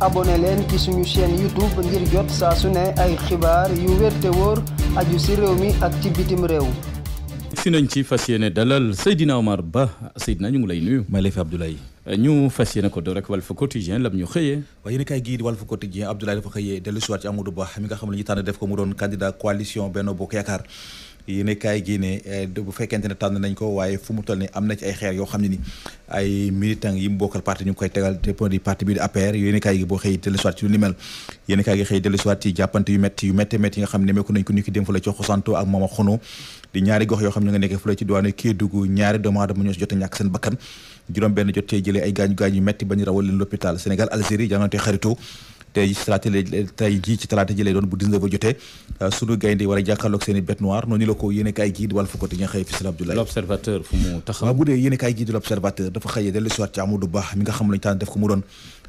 abone leen ci suñu chaîne YouTube ngir jot saa su ne ay xibaar yu wér te wóor aju si réew mi ak ci bitim réew. fi nañ ci fas yéene dalal Seydina Omar Ba Seydina ñu ngi lay nuyu. ma lay fi Abdoulaye. ñu fas yéene ko doo rek Walf Quotidien lam ñu xëyee waaye yéen kay gii di Walf Quotidien Abdoulaye dafa xëyee dellu si waat ci Amadou Ba mi nga xam ne ñu tànn def ko mu doon candidat coalition Benno Bokk Yaakaar yéen kaay gi ne eh, bu fekkente ne tànn nañ ko waaye fu mu toll ni am na ci ay xeer yoo xam ne ni ay militant yi mu bokkal parti ñu ngi koy tegal dépend du parti bii di APR yéen kaay gi boo xëy dellu soit ci lu ni mel yéen kaay gi xëy dellu soit ci jàppante yu métti yu métti métti yi nga xam ne meeku nañ ko ni ki dem fa la ci xosanto ak Mama Xono di ñaari gox yoo xam ne nga nekk fu la ci diwaanu Kédougou ñaari doomu aadama ñoo jot a ñàkk seen bakkan juróom benn jot cee tey ci talaata lay jii ci talaata ji lay doon bu 19 jotee euh, sunu gaynde yi war a jàkkaarloog seen i bête noire noonu la ko yéen a kaay gii di Walf Quotidien xëy Fissel Abdoulaye fu mu taxaw waaw bu dee yéen a kaay gii di dafa xëyee dellu si waat ci Amadou Ba mi nga xam lañu tànn def ko mu doon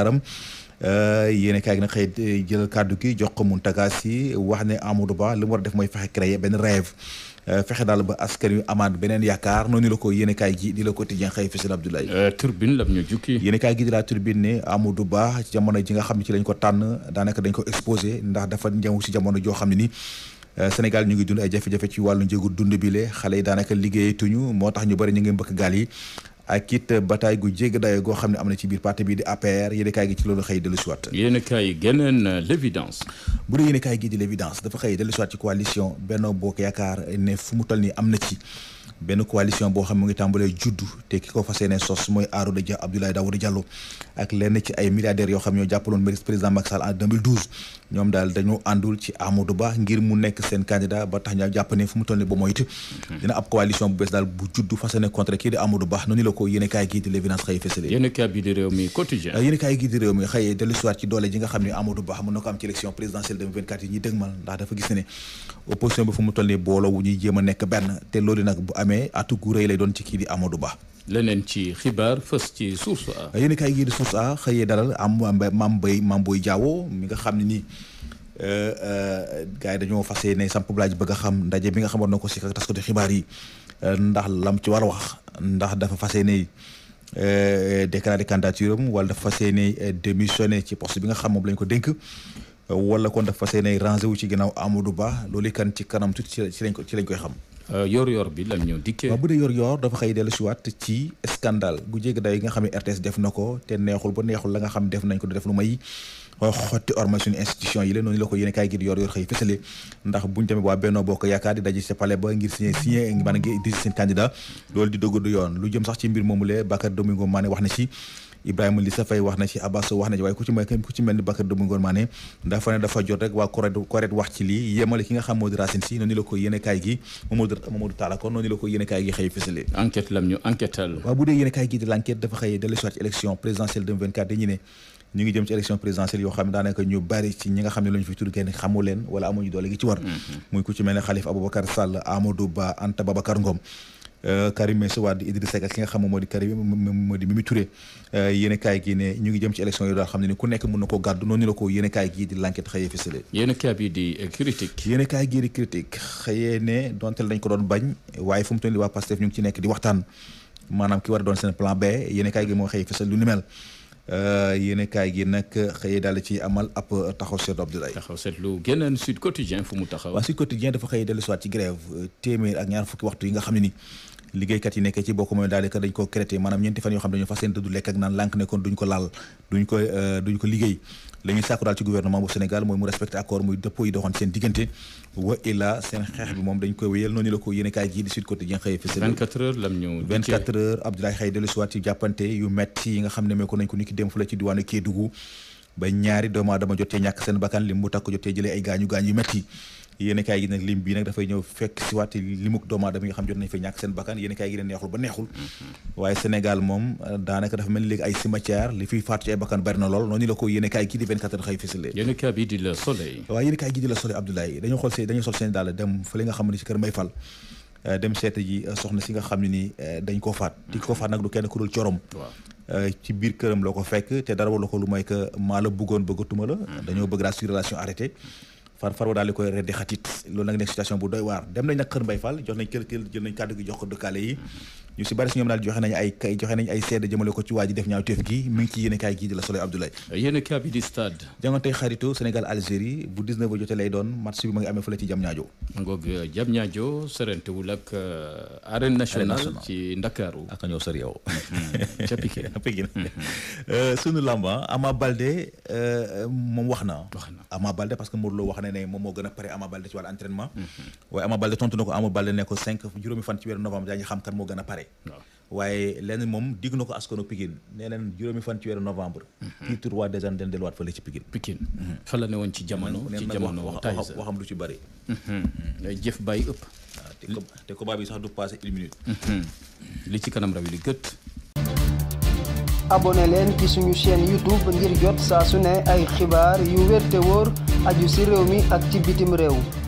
jaar-jaaram euh, yéen kaay gi nag xëy jël kàddu gi jox ko Mountaga Sy wax ne Amadou baax li mu war a def mooy fexe créer benn rêve euh, fexe daal ba askan wi amaat beneen yaakaar noonu la ko yéen kaay gi di la quotidien xëy Fesal Abdoulaye. Euh, turbine la ñu jukki. yéen kaay gi di la turbine ne Amadou Ba jamono ji nga xam ne ci lañ ko tànn daanaka dañ ko exposé ndax dafa ñëw si jamono joo xam ne nii. Sénégal ñu ngi dund ay jafe-jafe ci wàllu njëgu dund bi le xale yi liggéeyatuñu moo tax ñu bari ñu ngi mbëkk gaal yi ak it bataay gu jéggi dayo goo xam ne am na ci biir parti bi di APR yéen kaay gi ci loolu xëy dellu siwaat yéen kaay geneen euh, l'évidence bu dee yéen gi di l'évidence dafa xëy dellu siwaat ci coalition benn Bokk Yaakaar ne fu mu toll nii am na ci benn coalition boo xam mu ngi tàmbalee juddu te ki ko fas yéene sos mooy Arouna Dia Abdoulaye ak lenn ci ay milliardaires yoo xam ñoo jàppaloon président Macky Sall en 2012 ñoom nekk seen candidat ba ko yéen a kaay gii di réew mi quotidien yéen a ci doole ji nga xam ne Amadou Ba mën na ko am ci élection présidentielle 2024 yi ñuy dëgmal ndax dafa gis ne opposition bi fu mu toll nii booloo wu ñuy jéem a nekk benn te loolu nag bu amee amee atu gu rëy lay doon ci kii di Amadou Ba. leneen ci xibaar fës ci source a. yéen kay gii di source a xëyee dalal am Mame Mbaye Mame Boye Diao mi nga xam ne nii euh, euh, gars yi dañoo fas yéene samp laaj bëgg a xam bi nga xamoon na ko si taskati xibaar yi euh, ndax lam ci war wax ndax dafa fas yéene déclaré candidature am wala dafa fas yéene démissionné ci poste bi nga xam moom lañ ko dénk wala kon dafa fas yéene rangé wu ci ginnaaw Amadou Ba loolu kan ci kanam tuuti ci lañ ko ci lañ koy xam. Euh, yor-yor bi lam ñëw dikkee. waaw bu dee yor-yor dafa xëy dellusiwaat ci scandale bu jéggi day nga xam ne RTS def na ko te neexul ba neexul la nga xam def nañ ko du def lu may xotti orma suñu institution yi la noonu la ko yéen kaay gi di yor-yor xëy fësale ndax buñ tamit waa Benno Bokk Yaakaar di daje ci palais ba ngir signé signé maanaam ngir di seen candidat loolu di dëgg yoon lu jëm sax ci mbir moomu lee Bakar Domingo Mané wax na ci Ibrahima Lissa Faye wax na ci Abasso wax na ci waaye ku ci mel ku ci mel ni Bakar Dëmb dafa ne dafa jot rek waa koret koret wax ci lii yemale ki nga xam moo di noonu la ko yéene kaay gi Mamadou Mamadou Talla kon noonu la ko yéene gi xëy fësale enquête lam ñu enquête al bu dee yéene gi di l'enquête dafa xëy dellu soit ci élection présidentielle 2024 dañu ne ñu ngi jëm ci élection présidentielle yoo xam ne daanaka ñu bari ci ñi nga xam ne lañu fi tudd kenn xamu leen wala Euh, Karim Meïssa Wade Idrissa Seck ak ki nga xam moom moo di Karim moo di Mimi Touré euh, yéen a kaay gi ne ñu ngi jëm ci élection yi daal xam ne ni ku nekk mën na ko gàddu noonu la ko yéen a kaay gii di l'enquête xëyee fësale yéen a kaay bi di critique yéen a kaay gii di critique xëyee ne donte dañ ko doon bañ waaye fu mu toll nii waa Pastef ñu ngi ci nekk di waxtaan maanaam ki war a doon seen plan B yéen a kaay gi moo xëyee fësal lu ni mel euh, yéen kaay gi nag xëy daal ci amal ab taxaw seetlu Abdoulaye. taxaw seetlu génneen Sud Quotidien fu mu taxaw. waaw Sud Quotidien dafa xëy dellu si waat ci grève téeméer ak ñaar fukki waxtu yi nga xam ne ni liggéeykat yi nekk ci boo ko mooy daal di dañ ko créé maanaam ñeenti fan yoo xam ne dañoo fas yéene du lekk ak naan lànk ne kon duñ ko laal duñ ko euh, liggéey la ñuy daal ci gouvernement bu Sénégal mooy mu respecté accord muy dëppoo yi doxoon seen diggante wa illa seen xeex bi moom dañ koy wéyal noonu la ko yéen ji di Sud Quotidien xëyee fësal 24 heures lam ñu 24 heures Abdoulaye Xaye dellu siwaat jàppante yu metti yi nga xam ne mee ko nañ ko niki dem fu la ci diwaanu ñàkk seen bakkan li mu jotee jëlee ay gaañu gaañ yéen kaay gi nag lim bii nag dafay fekk si waat limuk doomu aadama yi nga xam jot nañ fa ñàkk seen bakkan yéen ne neexul ba neexul mm-hmm. euh, li fiy faatu bakkan bari na lool noonu la ko yéen kaay gi di 24 heures xëy fësalee yéen kaay bi di la soleil waaw yéen kaay gi di la soleil Abdoulaye dañoo xool seen daal dem fële nga xam ne si kër Mbay Fall euh, dem seeta ji euh, soxna si nga xam ne ni dañ koo faat di koo faat nag du kenn ku dul corom ci biir këram la ko fekk te dara wala ko lu mooy que maa la bëggoon bëggatuma la mm-hmm. dañoo bëgg daal suñu relation arrêté far far wa daal di koy reddi xatit loolu nag nekk situation bu doy waar dem nañ nag Kër Mbaye Fall jox nañ kër kër jël nañ kàddu gi jox dëkkaale yi ñu si bari si ñoom daal joxe nañu ay kay joxe nañu la a ba jotee lay doon euh, euh, moom wax na Ama Baldé parce que Modou Lo wax ne ne moom moo gën a pare mhm. Ama Baldé tontu na ko Ama Baldé ne ko juróomi fan ci weeru novembre yaa xam kan moo gën a pare waaye lenn moom diggu na ko askanu Pikine nee leen juróomi fan ci weeru novembre. Mhm. titre roi des arènes den delluwaat ci Pikine. Pikine fa la ne woon ci jamono. ci jamono wax waxam lu ci bëri. Mhm. Mm-hmm. jëf bàyyi ëpp. waaw ah, te combat bi sax du passé une minute. Mhm. li ci kanam raw li gët. abonné leen ci suñu chaîne YouTube ngir jot saa su ne ay xibaar yu wér te wóor aju si réew mi ak ci bitim réew.